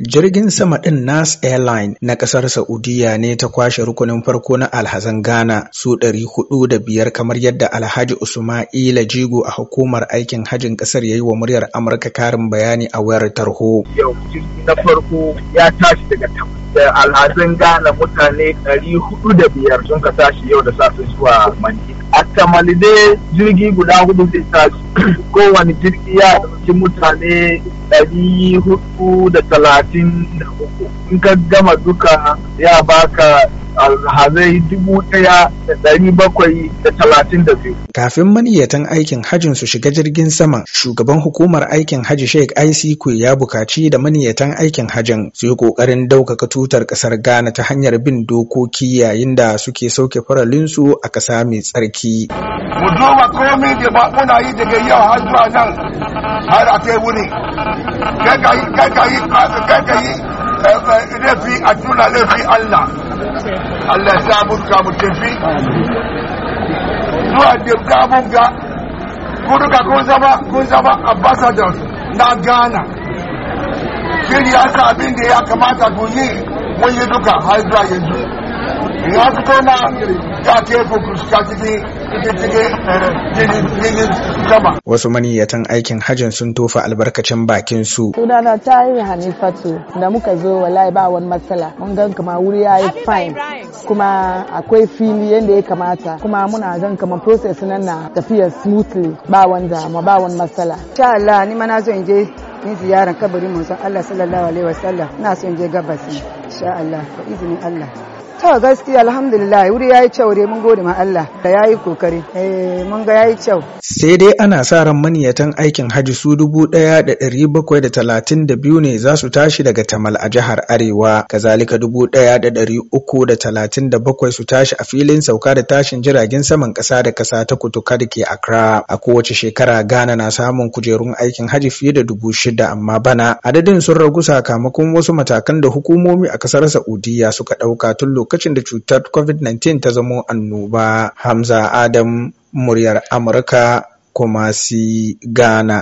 Jirgin sama ɗin Nas Airline na ƙasar sa'udiyya ne ta kwashe rukunin farko na alhazan Ghana su ɗari hudu da biyar kamar yadda Alhaji Usma'ila Jigo a hukumar aikin hajin ƙasar ya yi wa muryar Amurka karin bayani a wayar tarho. Yau jirgi na farko ya tashi daga da alhazin gane mutane da biyar sun ka tashi yau da safe zuwa mani a ne jirgi guda hudu zai tashi kowane jirgi ya ɗauki mutane da 433 in ka gama duka ya baka alhazai dubu ɗaya da ɗari bakwai da talatin da biyu. Kafin maniyyatan aikin hajin su shiga jirgin sama, shugaban hukumar aikin haji Sheikh ICQ ya bukaci da maniyyatan aikin hajin su yi ƙoƙarin ɗaukaka tutar ƙasar Ghana ta hanyar bin dokoki yayin da suke sauke faralinsu a ƙasa mai tsarki. Mu duba komai da kuna yi daga yau har zuwa nan har a kai wuni. ka yi laifi a tuna laifi Allah Allah ya sa mun ka zuwa dimka mun ga kun ambassadors na Ghana shirya sa abin da ya kamata ku yi yi duka har zuwa yanzu ya fito na ya teku fuska cikin Wasu maniyyatan aikin hajjin sun tofa albarkacin bakin su. Sunana ta yi Hanifatu da muka zo wallahi ba wani matsala. Mun gan kama wuri ya yi fine kuma akwai fili yadda ya kamata kuma muna gan kama process nan na tafiya smoothly ba wani ma ba wani matsala. sha Allah ni ma na zo in je ni ziyaran kabarin manzon Allah sallallahu alaihi wasallam na so in je gabas insha Allah ko izinin Allah. To gaskiya alhamdulillah wuri yayi kyau dai mun gode ma Allah da yayi kokari eh mun ga yayi kyau. Sai dai ana sa ran maniyatan aikin Hajji su dubu ɗaya da ɗari bakwai da talatin da biyu ne za su tashi daga Tamal a jihar Arewa kazalika dubu ɗaya da ɗari uku da talatin da bakwai su tashi a filin sauka da tashin jiragen saman ƙasa da ƙasa ta kutuka da ke Accra a kowace shekara Ghana na samun kujerun aikin Hajji fiye da dubu shida amma bana adadin sun ragu sakamakon wasu matakan da hukumomi a ƙasar Saudiya suka ɗauka tun lokacin da cutar covid-19 ta zamo annoba hamza adam muryar amurka kuma si Gana.